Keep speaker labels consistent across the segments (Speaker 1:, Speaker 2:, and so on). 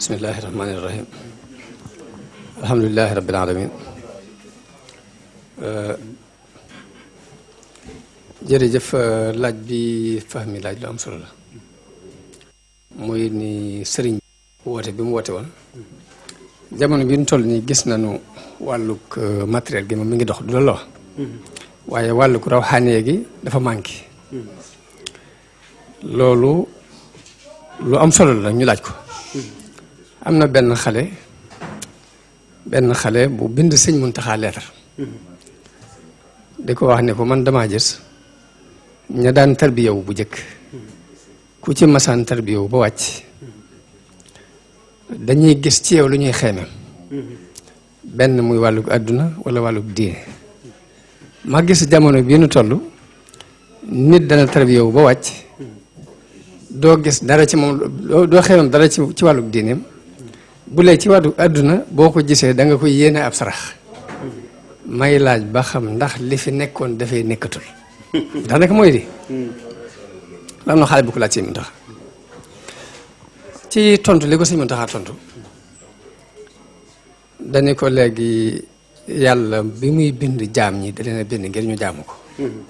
Speaker 1: bismillahi rahmaani rahim alhamdulilahi rabbil alamin euh, jërëjëf euh, laaj bi fahmi laaj lu am solo la muy ni sëriñ woote bi mu woote woon jamono bi ñu toll nii gis nañu wàllug euh, matériel gi moom mi ngi dox du lool waaye wàllug rawxaanee gi dafa manqué hmm. loolu lu am solo la ñu laaj ko am na benn xale benn xale bu bind sëñ Muntaxa leetar di ko wax ne ko man damaa gis ña daan tarbiyawu bu jëkk ku ci masaan tarbiyawu ba wàcc dañuy gis ci yow lu ñuy xeeme benn muy wàllug àdduna wala wàllug diine ma gis jamono bii nu toll nit dana tarbiyawu ba wàcc doo gis dara ci moom doo xeeroon dara ci ci wàllu diineem bu lee ci wàllu àdduna boo ko gisee danga nga koy yéene ab sarax may laaj ba xam ndax li fi nekkoon dafay nekkatul ndax mooy di am na xale bu ko laaj ci tontu li ko si mun taxaa tontu dañu ko léegi yàlla bi muy bind jaam ñi da leen a bind ngir ñu jaamu ko mm-hmm.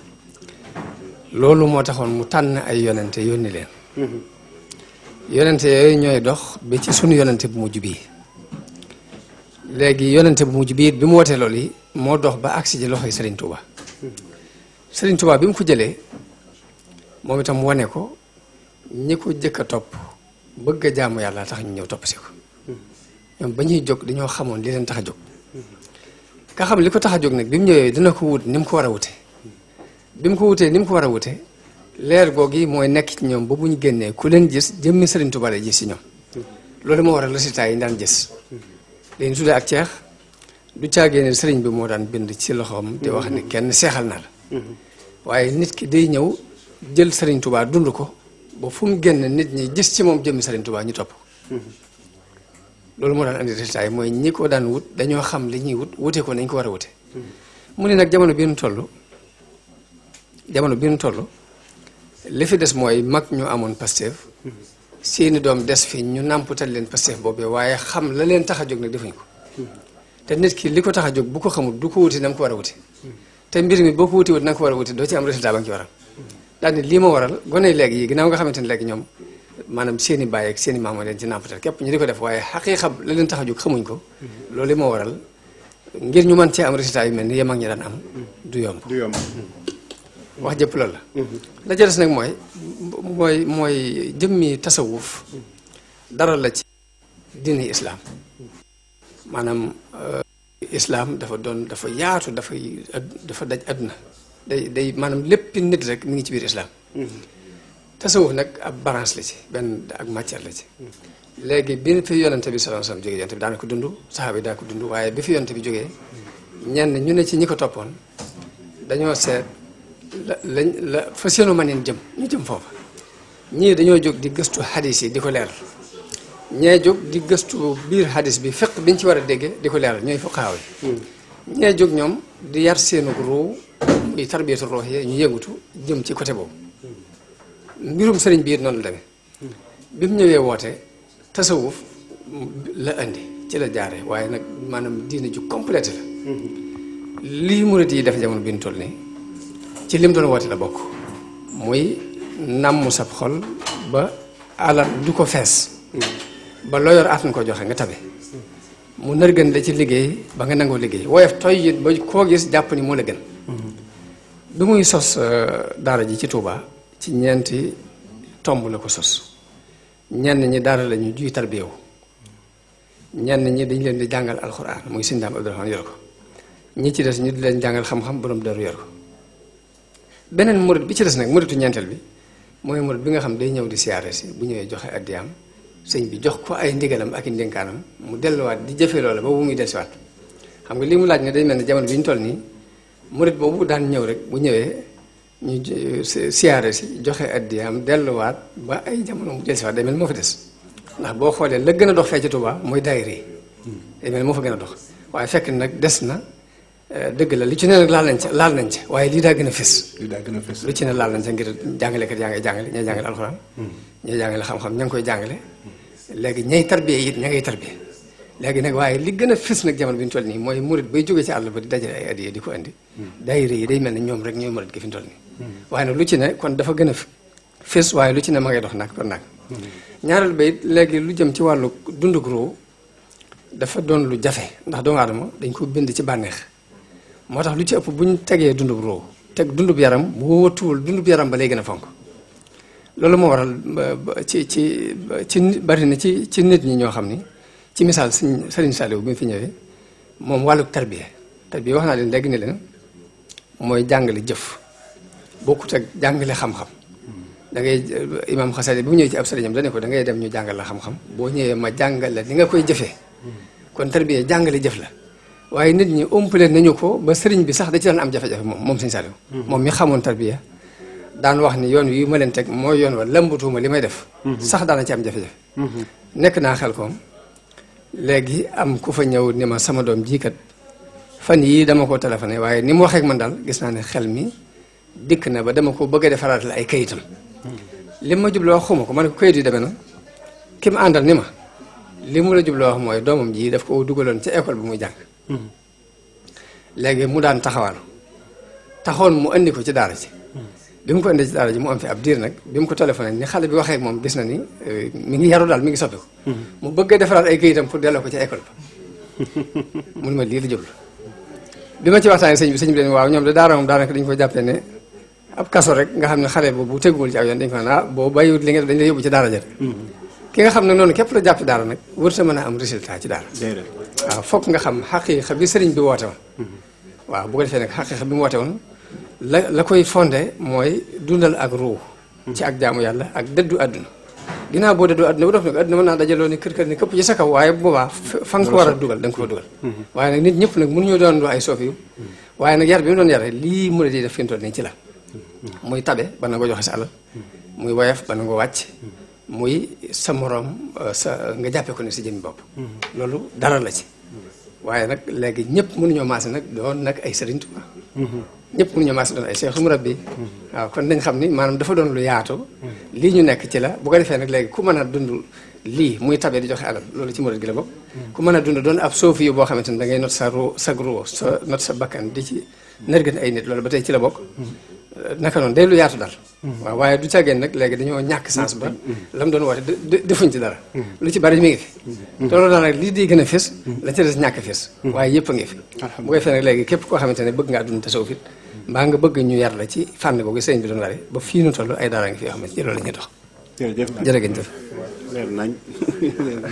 Speaker 1: loolu moo taxoon mu tànn ay yonente yónni leen yonente yooyu ñooy dox ba ci sunu yonente bu mujj bii léegi yonente bu mujj bii bi mu wotee loolu yi moo dox ba agsi ji loxoy Serigne Touba sëriñ Touba bi mu ko jëlee moom itam wane ko ñi ko jëkk a topp bëgg a jaamu yàlla tax ñu ñëw topp si ko ñoom ba ñuy jóg dañoo xamoon li leen tax a jóg ka xam li ko tax a jóg nag bi mu ñëwee dina ko wut ni mu ko war a wute bi mu ko wutee ni mu ko war a wute leer googi mooy nekk ci ñoom ba bu ñu génnee ku leen gis jëmmi Sëriñ Tuubaa la gis ñoom loolu moo war a résultat yi ñu daan gis dañu tuddee ak ceex du caagee sëriñ bi moo daan bind ci loxoom di wax kenn seexal na waaye nit ki day ñëw jël Sëriñ Tuubaa dund ko ba génn nit ñi gis ci moom jëmmi Sëriñ Tuubaa ñu topp loolu moo daan andi résultat mooy ñi ko daan wut dañoo xam li ñuy wut wute ko nañ ko war a wute mu ne nag jamono bi ñu toll jamono bi ñu toll li fi des mooy mag ñu amoon Pastef seeni doom des fi ñu nàmputal leen Pastef boobu waaye xam la leen tax a jóg nag defuñ ko te nit ki li ko tax a jóg bu ko xamul du ko wuti na nga ko war a wuti te mbir mi boo ko wuti wut na nga ko war a wuti doo ci am résultat ba nga ci waral daal ni lii ma waral gone léegi yi ginnaaw nga xamante ne léegi ñoom maanaam seen baay ak seen i maam leen ci nàmpatal képp ñu di ko def waaye xaqiiqa la leen tax a jóg xamuñ ko loolu li ma waral ngir ñu mën cee am résultat yu mel ni yem ak ñi daan am du yomb du yomb wax jëpp loolu la. la ca des nag mooy mooy mooy jëmmi tasawuf dara la ci diini islaam maanaam euh, islaam dafa doon dafa yaatu dafay dafa daj àdduna day day maanaam lépp nit rek mi ngi ci biir islaam tasawuf nag ab branche la ci benn ak matière la ci léegi bi fi yonente bi sallallahu alayhi wasallam jógee yonente bi daana ko dund saxaaba yi daa ko dund waaye bi fi yonente bi jógee ñenn ñu ne ci ñi ko toppoon dañoo seet la la fa seenu ma neen jëm ñu jëm foofa ñii dañoo jóg di gëstu xadis yi di ko leeral ñee jóg di gëstu biir xadis bi fiq biñ ci war a dégge di ko leeral ñooy fuqaaw yi hmm. ñee jóg ñoom di yar seenu ruu muy tarbiyatu ruux yi ñu yëngutu jëm ci côté boobu mbirum sëriñ biir noonu la demee hmm. bi mu ñëwee woote tasawuf la indi ci la jaare waaye nag maanaam diina ju complète la hmm. lii murit yi def jamono bi ñu nii ci lim doon woote la bokk muy nàmm sab xol ba alal du ko fees ba loo yor ko joxe nga tabe mu nërgën la ci liggéey ba nga nangoo liggéey woyof toy it ba koo gis jàpp ni moo la gën bi muy sos euh, daara ji ci Touba ci ñeenti tomb la ko sos ñenn ñi daara lañu juy tarbiyewu ñenn ñi dañu leen di jàngal alxuraan muy sindaam Abdourahmane yor ko ñi ci des ñu di leen jàngal xam-xam borom daru yor ko beneen murit bi ci des nag muritu ñeenteel bi mooy murit bi nga xam day ñëw di siyaare si bu ñëwee joxe addiyaam sëñ bi jox ko ay ndigalam ak i ndénkaanam mu delluwaat di jëfe loola ba bu muy dellusiwaat xam nga lii mu laaj ne day mel ne jamono bi ñu toll nii murit boobu daan ñëw rek bu ñëwee ñu siyaare si joxe addiyaam delluwaat ba ay jamono mu dellusiwaat day mel moo fa des ndax boo xoolee la gën a dox fee ci Tuubaa mooy daayira yi hmm. mel moo fa gën dox waaye fekk nag des na Eh, dëgg la lu ci ne laal nañ ca laal nañ ca waaye lii daa gën a fës. lii daa gën a lu ci ne laal nañ ca ngir jàngalekat yaa ngay jàngale ñay jàngale alxuraan. Hmm. ñay jàngale xam-xam ña ngi koy jàngale. léegi ñay tarbiye it ña ngay tarbiye léegi nag waaye li gën a fës nag jamono bi ñu toll nii mooy murit bay jógee ci àll ba di dajale ay adiya di ko andi. Hmm. daayira yi day mel ne ñoom rek ñooy murit gi fi ñu nii. Hmm. waaye nag lu ci ne kon dafa gën a fës waaye lu ci ne ma ngay dox nag kon nag. ñaareel ba it léegi lu jëm ci wàllu dundug ruu dafa doon lu jafe ndax doomu aadama dañ ko bind ci bànneex moo tax lu ci ëpp bu ñu tegee dundub roo teg dundub yaram boo wëttuwul dundub yaram ba lay gën a fonk loolu moo waral ci ci ci bari na ci ci nit ñi ñoo xam ni ci misaal sëñ Sëriñ Saliou bi mu fi ñëwee moom wàllu tarbiya tarbiya wax naa leen léegi ne leen mooy jàngale jëf bokkut ak jàngale xam-xam da ngay imaam xasali bi mu ñëwee ci ab sëriñam dane ko da ngay dem ñu jàngal la xam-xam boo ñëwee ma jàngal la li nga koy jëfee hmm. kon tarbiya jàngale jëf la waaye nit ñi umpale nañu ko ba sëriñ bi sax da ci daan am jafe-jafe moom moom sëñ Saliou moom mi xamoon tarbiya daan wax ni yoon wi ma leen teg mooy yoon wa lëmbatuuma li may def sax daana ci am jafe-jafe nekk naa xel koom léegi am ku fa ñëw ni ma sama doom jiikat fan yii dama ko téléphoné waaye ni mu waxee ak man daal gis naa ne xel mi dikk na ba dama ko bëgg a defaraat la ay kayitam li ma jubloo wax xuma ko ma ne ko kayit yi demee na ki ma àndal ni ma li mu la jubloo wax mooy doomam ji daf ko dugaloon ca école bi muy jàng Hmm. léegi mu daan taxawaan taxoon mu indi ko ci daara ji hmm. bi mu ko indee ci daara ji mu am fi ab diir nag bi mu ko téléphoné ni xale bi waxee moom gis na ni eh, mu ngi yaru daal mi ngi soppi ko hmm. mu bëgg a defaraat ay këyitam pour delloo ko ci école ba mun ma lii la jublu bi ma ci waxtaanee sëñ bi sëñ bi leen waaw ñoom de daara moom daanaka dañu ko jàppee ne ab kaso rek nga xam ne xale boobu bu teguwul ci aw yoon dañ ko naan ah boo bàyyiwut li nga dañ lay yóbbu ci daara ja ki nga xam ne noonu képp la jàpp daara nag wër sa mën a am résultat ci daara waaw fokk nga xam xaqiiqa bi sëriñ bi woote woon mhm. waaw bu ko defee nag xaqiiqa bi mu woote woon la la koy fonde mooy dundal ak ruux mhm. ci ak jaamu yàlla ak dëddu àdduna ginnaaw boo dëddoo àdduna bu dof nag àdduna mën naa dajaloo ni kër kër ni këpp ci sa kaw waaye bu boobaa fa nga ko war a dugal da ko fa dugal mhm. waaye nag nit ñëpp nag ñoo doon doo ay soofi yu waaye nag yar bi mu doon yare lii mu di def fi mu toll nii ci la muy ba na ko joxe sa alal muy woyof ba na ko wàcc muy sa moroom euh, sa nga jàppee ko ne si jëmmi bopp. loolu dara la ci. waaye nag léegi ñëpp mënuñoo maase nag doon nag ay Sëriñ Tuuba. ñëpp mënuñoo maase doon ay Seexu Murabbi. waaw kon dañ xam ni maanaam dafa doon lu yaatu. lii ñu nekk ci la bu ko defee nag léegi ku mën a dund lii muy tabe di joxe alal loolu ci murid gi la bopp. ku mën a dund doon ab soofi yu boo xamante ni da ngay not sa ru sa gro sa not sa bakkan di ci nërgën ay nit loolu ba tey ci la bokk. naka noonu day lu yaatu dal waaw waaye du caggeen nag léegi dañoo ñàkk sens ba lam doon woote defuñ ci dara lu ci bari mi ngi fi te loolu daal di gën a fés la ca des ñàkk fés waaye yëpp a ngi fi bu képp koo xamante ne bëgg ngaa dund tasawuf it mbaa nga la ci fànn googu sëñ bi doon ware ba fii nu toll ay daara ngi fi yoo xamante ne loolu la ñuy dox jërëjëf jërëjëf